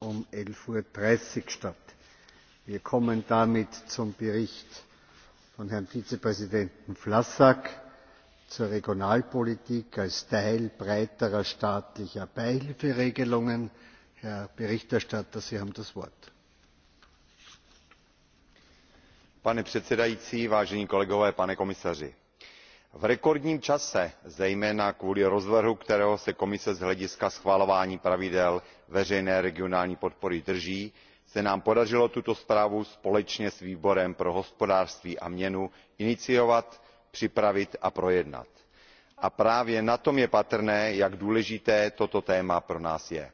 um. elf dreißig uhr statt. wir kommen damit zum bericht von herrn vizepräsidenten vlask zur regionalpolitik als teil breiterer staatlicher beihilferegelungen. herr berichterstatter sie haben das wort. pane předsedající vážení kolegové pane komisaři v rekordním čase zejména kvůli rozvrhu kterého se komise z hlediska schvalování pravidel veřejné regionální podpory drží se nám podařilo tuto zprávu společně s výborem pro hospodářství a měnu iniciovat připravit a projednat. a právě na tom je patrné jak důležité toto téma pro nás je.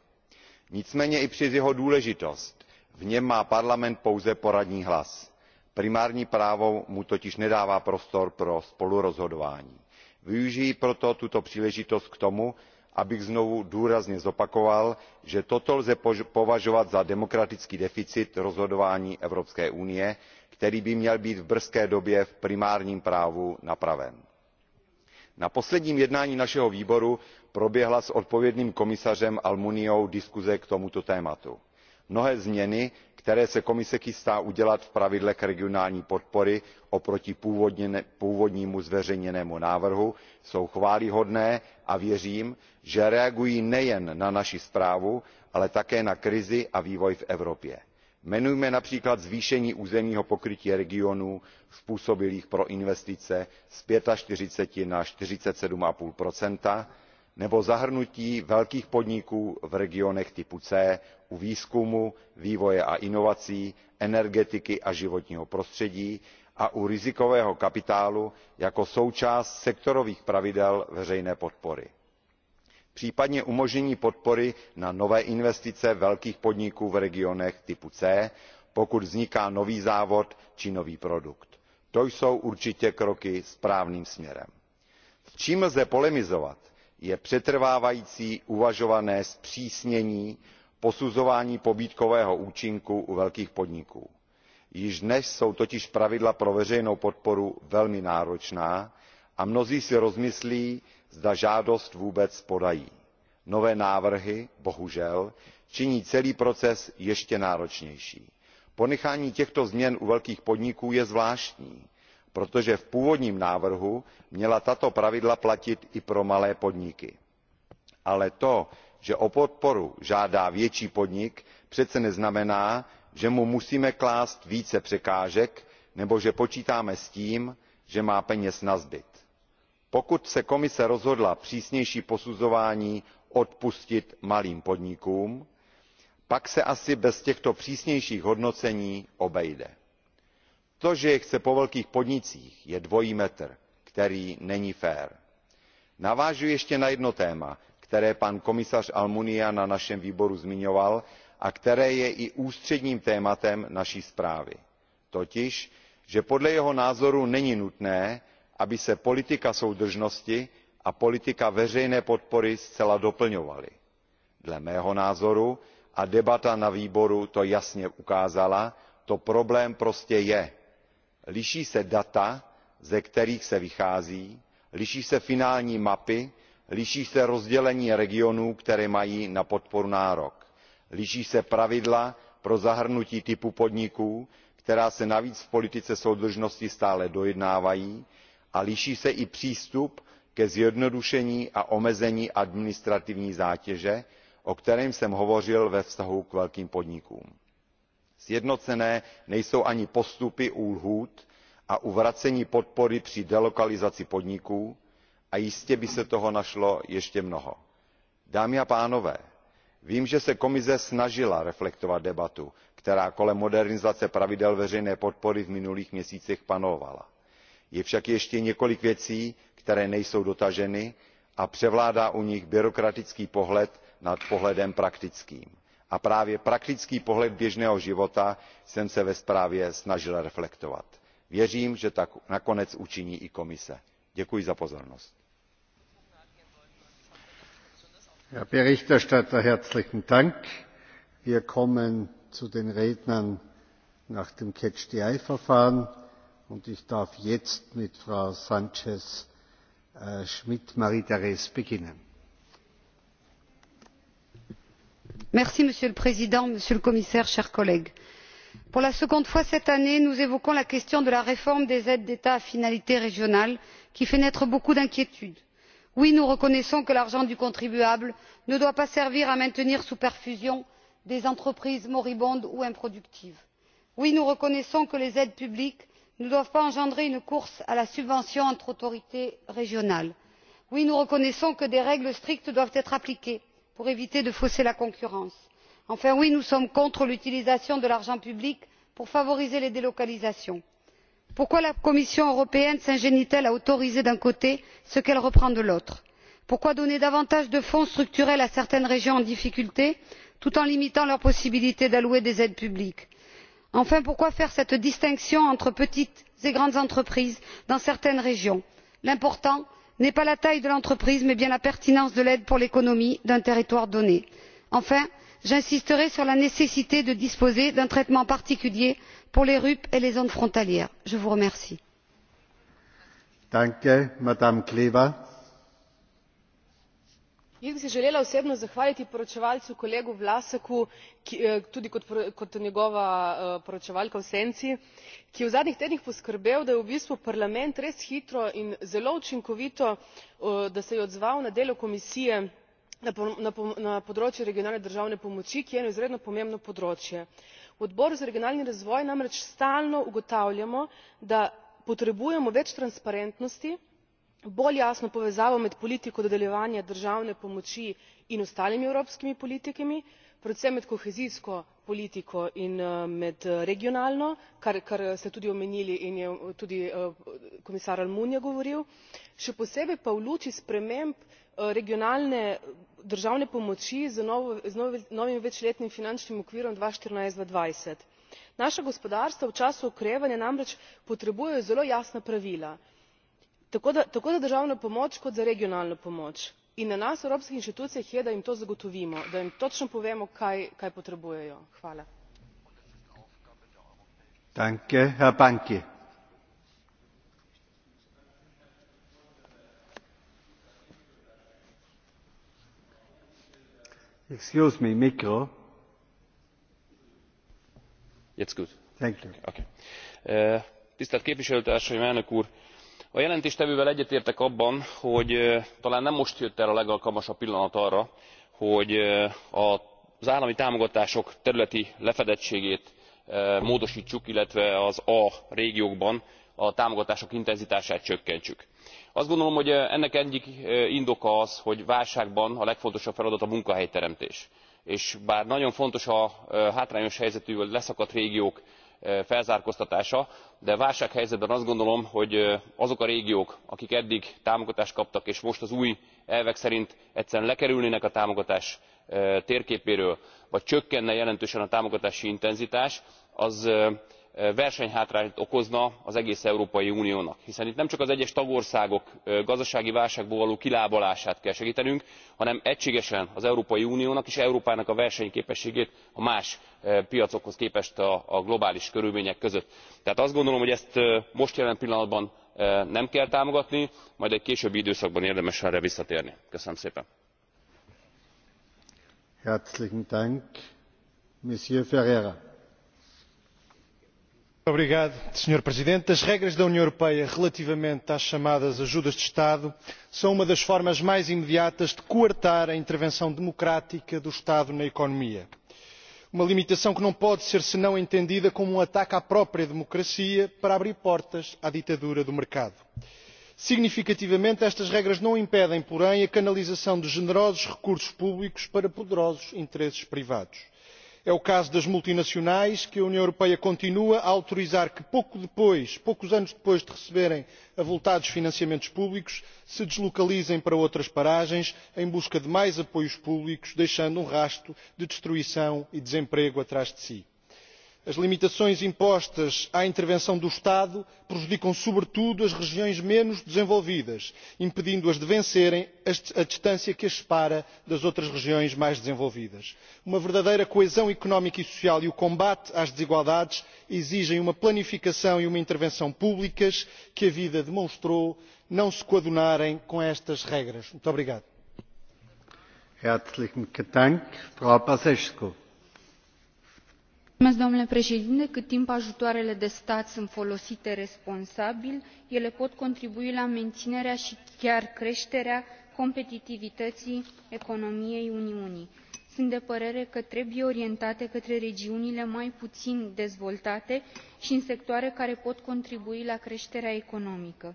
nicméně i přes jeho důležitost v něm má parlament pouze poradní hlas primární právo mu totiž nedává prostor pro spolurozhodování. využiji proto tuto příležitost k tomu abych znovu důrazně zopakoval že toto lze považovat za demokratický deficit rozhodování evropské unie který by měl být v brzké době v primárním právu napraven. na posledním jednání našeho výboru proběhla s odpovědným komisařem almuniou diskuze k tomuto tématu mnohé změny které se komise chystá udělat v pravidlech regionální podpory oproti původnímu zveřejněnému návrhu jsou chvályhodné a věřím že reagují nejen na naši zprávu ale také na krizi a vývoj v evropě. jmenujme například zvýšení územního pokrytí regionů způsobilých pro investice z forty na forty seven nebo zahrnutí velkých podniků v regionech typu c u výzkumu vývoje a inovací energetiky a životního prostředí a u rizikového kapitálu jako součást sektorových pravidel veřejné podpory případně umožnění podpory na nové investice velkých podniků v regionech typu c pokud vzniká nový závod či nový produkt. to jsou určitě kroky správným směrem. s čím lze polemizovat je přetrvávající uvažované zpřísnění posuzování pobídkového účinku u velkých podniků. již dnes jsou totiž pravidla pro veřejnou podporu velmi náročná a mnozí si rozmyslí zda žádost vůbec podají. nové návrhy bohužel činí celý proces ještě náročnější. ponechání těchto změn u velkých podniků je zvláštní protože v původním návrhu měla tato pravidla platit i pro malé podniky. ale to že o podporu žádá větší podnik přece neznamená že mu musíme klást více překážek nebo že počítáme s tím že má peněz nazbyt. pokud se komise rozhodla přísnější posuzování odpustit malým podnikům pak se asi bez těchto přísnějších hodnocení obejde to že je chce po velkých podnicích je dvojí metr který není fér. navážu ještě na jedno téma které pan komisař almunia na našem výboru zmiňoval a které je i ústředním tématem naší zprávy totiž že podle jeho názoru není nutné aby se politika soudržnosti a politika veřejné podpory zcela doplňovaly. dle mého názoru a debata na výboru to jasně ukázala to problém prostě je liší se data ze kterých se vychází liší se finální mapy liší se rozdělení regionů které mají na podporu nárok liší se pravidla pro zahrnutí typu podniků která se navíc v politice soudržnosti stále dojednávají a liší se i přístup ke zjednodušení a omezení administrativní zátěže o kterém jsem hovořil ve vztahu k velkým podnikům sjednocené nejsou ani postupy u a u vracení podpory při delokalizaci podniků a jistě by se toho našlo ještě mnoho. dámy a pánové vím že se komise snažila reflektovat debatu která kolem modernizace pravidel veřejné podpory v minulých měsících panovala. je však ještě několik věcí které nejsou dotaženy a převládá u nich byrokratický pohled nad pohledem praktickým a právě praktický pohled běžného života jsem se ve zprávě snažil reflektovat. věřím že tak nakonec učiní i komise. děkuji za pozornost. herr berichterstatter herzlichen dank! wir kommen zu den rednern nach dem catch the eye verfahren und ich darf jetzt mit frau Sanchez äh, schmidt marita Rees beginnen. monsieur le président monsieur le commissaire chers collègues pour la seconde fois cette année nous évoquons la question de la réforme des aides d'état à finalité régionale qui fait naître beaucoup d'inquiétudes. oui nous reconnaissons que l'argent du contribuable ne doit pas servir à maintenir sous perfusion des entreprises moribondes ou improductives. oui nous reconnaissons que les aides publiques ne doivent pas engendrer une course à la subvention entre autorités régionales. oui nous reconnaissons que des règles strictes doivent être appliquées pour éviter de fausser la concurrence. enfin oui nous sommes contre l'utilisation de l'argent public pour favoriser les délocalisations. pourquoi la commission européenne s'ingénie t elle à autoriser d'un côté ce qu'elle reprend de l'autre? pourquoi donner davantage de fonds structurels à certaines régions en difficulté tout en limitant leurs possibilités d'allouer des aides publiques? enfin pourquoi faire cette distinction entre petites et grandes entreprises dans certaines régions? l'important n'est pas la taille de l'entreprise mais bien la pertinence de l'aide pour l'économie d'un territoire donné. enfin j'insisterai sur la nécessité de disposer d'un traitement particulier pour les rup et les zones frontalières. je vous remercie jaz bi se želela osebno zahvaliti poročevalcu kolegu vlaseku eh, tudi kot njegova eh, poročevalka v senci ki je v zadnjih tednih poskrbel da je v bistvu parlament res hitro in zelo učinkovito eh, da se je odzval na delo komisije na področju regionalne državne pomoči ki je eno izredno pomembno področje. v odboru za regionalni razvoj namreč stalno ugotavljamo da potrebujemo več transparentnosti bolj jasno povezavo med politiko dodeljevanja državne pomoči in ostalimi evropskimi politikami predvsem med kohezijsko politiko in eh, med eh, regionalno kar ste tudi omenili in je eh, tudi komisar almunia govoril še posebej pa v sprememb regionalne državne pomoči z novim večletnim finančnim okvirom dva tisoč štirinajst dva naša gospodarstva v času okrevanja namreč potrebuje zelo jasna pravila tako za državno pomoč kot za regionalno pomoč in na nas evropskih inštitucijah je da jim to zagotovimo da jim točno povemo kaj potrebujejo. tisztelt képviselőtársaim elnök úr! a jelentéstevővel egyetértek abban hogy talán nem most jött el a legalkalmasabb pillanat arra hogy az állami támogatások területi lefedettségét módostsuk illetve az a régiókban a támogatások intenzitását csökkentsük. azt gondolom hogy ennek egyik indoka az hogy válságban a legfontosabb feladat a munkahelyteremtés és bár nagyon fontos a hátrányos helyzetű vagy leszakadt régiók felzárkóztatása de válsághelyzetben azt gondolom hogy azok a régiók akik eddig támogatást kaptak és most az új elvek szerint egyszerűen lekerülnének a támogatás térképéről vagy csökkenne jelentősen a támogatási intenzitás az versenyhátrányt okozna az egész európai uniónak hiszen itt nem csak az egyes tagországok gazdasági válságból való kilábalását kell segtenünk hanem egységesen az európai uniónak és európának a versenyképességét a más piacokhoz képest a globális körülmények között. tehát azt gondolom hogy ezt most jelen pillanatban nem kell támogatni majd egy későbbi időszakban érdemes erre visszatérni. köszönöm szépen! Herzlichen Dank, Monsieur Ferreira senhor presidente as regras da união europeia relativamente às chamadas ajudas de estado são uma das formas mais imediatas de coartar a intervenção democrática do estado na economia uma limitação que não pode ser senão entendida como um ataque à própria democracia para abrir portas à ditadura do mercado. significativamente estas regras não impedem porém a canalização de generosos recursos públicos para poderosos interesses privados é o caso das multinacionais que a união europeia continua a autorizar que poucos anos depois de receberem avultados financiamentos públicos se deslocalizem para outras paragens em busca de mais apoios públicos deixando um rasto de destruição e desemprego atrás de si as limitações impostas à intervenção do estado prejudicam sobretudo as regiões menos desenvolvidas impedindo as de vencerem a distância que as separa das outras regiões mais desenvolvidas. uma verdadeira coesão económica e social e o combate às desigualdades exigem uma planificação e uma intervenção públicas que a vida demonstrou não se coadunarem com estas regras. muito obrigado cât timp ajutoarele de stat sunt folosite responsabil ele pot contribui la meninerea i chiar creterea competitivităii economiei uniunii. sunt de părere că trebuie orientate către regiunile mai puin dezvoltate i în sectoare care pot contribui la creterea economică.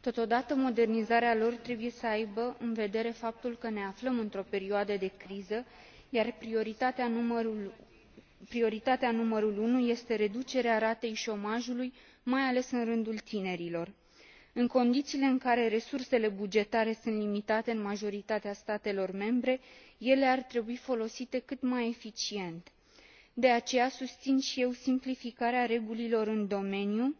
totodată modernizarea lor trebuie să aibă în vedere faptul că ne aflăm într o perioadă de criză iar prioritatea numărul unu prioritatea numărul unu este reducerea ratei șomajului, mai ales în rândul tinerilor. în condițiile în care resursele bugetare sunt limitate în majoritatea statelor membre ele ar trebui folosite cât mai eficient. de aceea susțin și eu simplificarea regulilor în domeniu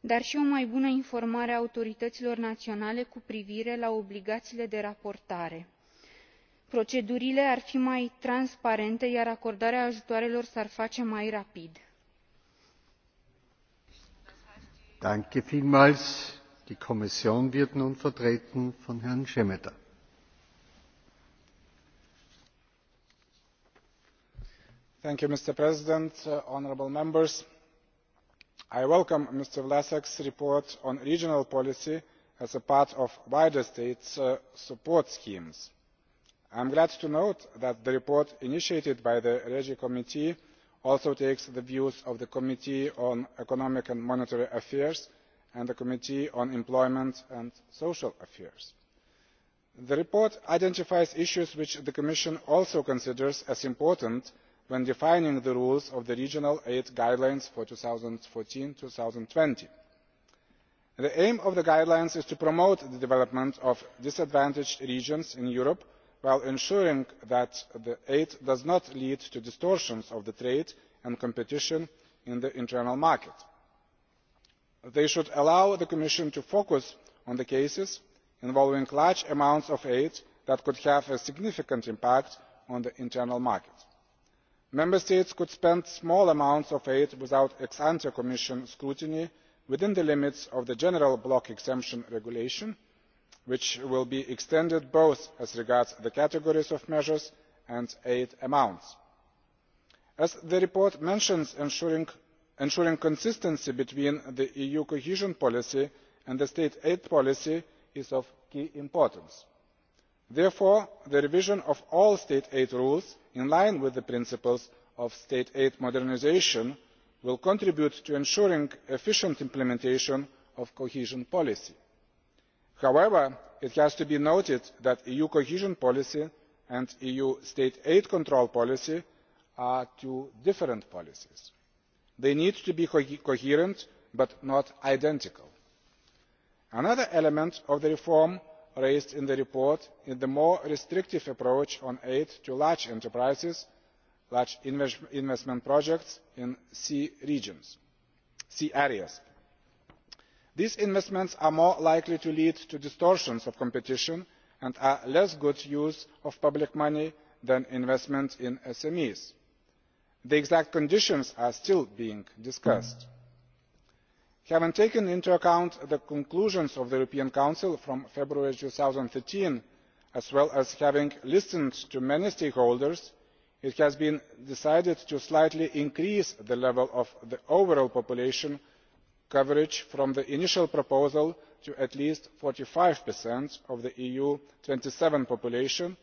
dar și o mai bună informare a autorităților naționale cu privire la obligațiile de raportare procedurile ar fi mai transparente iar acordarea ajutoarelor s ar face mai rapid. die kommission wird vertreten von herrn mr president uh, honourable members i welcome mr Vlasak's report on regional policy as a part of wider states uh, support schemes i am glad to note that the report initiated by the regi committee also takes the views of the committee on economic and monetary affairs and the committee on employment and social affairs. the report identifies issues which the commission also considers as important when defining the rules of the regional aid guidelines for two thousand and fourteen two thousand and twenty the aim of the guidelines is to promote the development of disadvantaged regions in europe while ensuring that the aid does not lead to distortions of the trade and competition in the internal market. they should allow the commission to focus on the cases involving large amounts of aid that could have a significant impact on the internal market. member states could spend small amounts of aid without ex ante commission scrutiny within the limits of the general block exemption regulation which will be extended both as regards the categories of measures and aid amounts. as the report mentions ensuring consistency between the eu cohesion policy and the state aid policy is of key importance. therefore the revision of all state aid rules in line with the principles of state aid modernisation will contribute to ensuring efficient implementation of cohesion policy however it has to be noted that eu cohesion policy and eu state aid control policy are two different policies. they need to be coherent but not identical. another element of the reform raised in the report is the more restrictive approach on aid to large enterprises large investment projects in sea areas these investments are more likely to lead to distortions of competition and are less good use of public money than investment in smes. the exact conditions are still being discussed. having taken into account the conclusions of the european council from february two thousand and thirteen as well as having listened to many stakeholders it has been decided to slightly increase the level of the overall population coverage from the initial proposal to at least forty five of the eu twenty seven population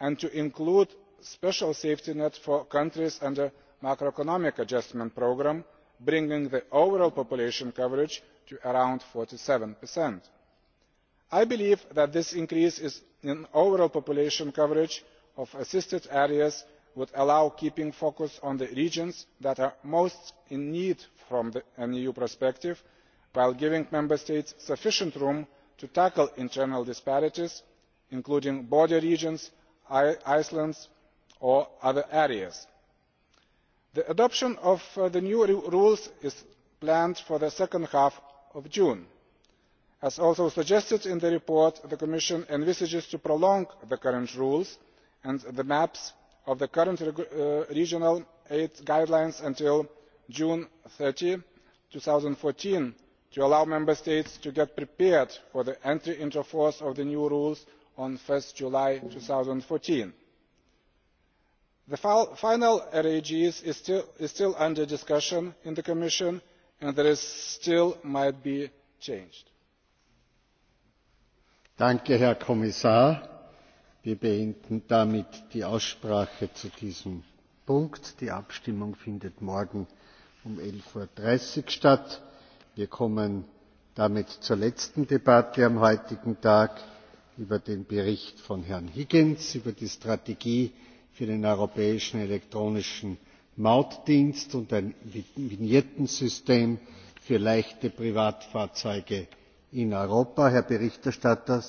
and to include a special safety net for countries under the macroeconomic adjustment programme bringing the overall population coverage to around. forty seven i believe that this increase in overall population coverage of assisted areas would allow keeping focus on the regions that are most in need from an eu perspective while giving member states sufficient room to tackle internal disparities including border regions islands or other areas. the adoption of uh, the new rules is planned for the second half of june. as also suggested in the report the commission envisages prolonging the current rules and the maps of the current uh, regional aid guidelines until june 30, two fourteen to allow member states to get prepared for the entry into force of the new rules on one july. two thousand and fourteen the final RAGs is still under discussion in the commission and there still might be Kommissar wir beenden damit die aussprache zu diesem punkt. die abstimmung findet morgen um. elf dreißig uhr statt. wir kommen damit zur letzten debatte am heutigen tag über den bericht von herrn higgins über die strategie für den europäischen elektronischen mautdienst und ein vignettensystem für leichte privatfahrzeuge in europa. herr berichterstatter